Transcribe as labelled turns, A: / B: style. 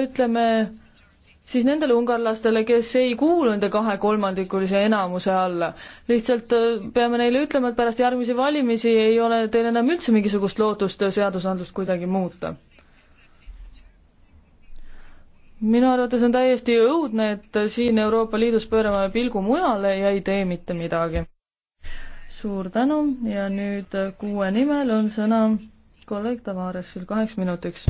A: ütleme siis nendele ungarlastele, kes ei kuulu nende kahekolmandikulise enamuse alla. lihtsalt äh, peame neile ütlema, et pärast järgmisi valimisi ei ole teil enam üldse mingisugust lootust seadusandlust kuidagi muuta. minu arvates on täiesti õudne, et siin Euroopa Liidus pöörame pilgu mujale ja ei tee mitte midagi.
B: suur tänu ja nüüd kuue nimel on sõna kolleeg Tavaresil kaheks minutiks.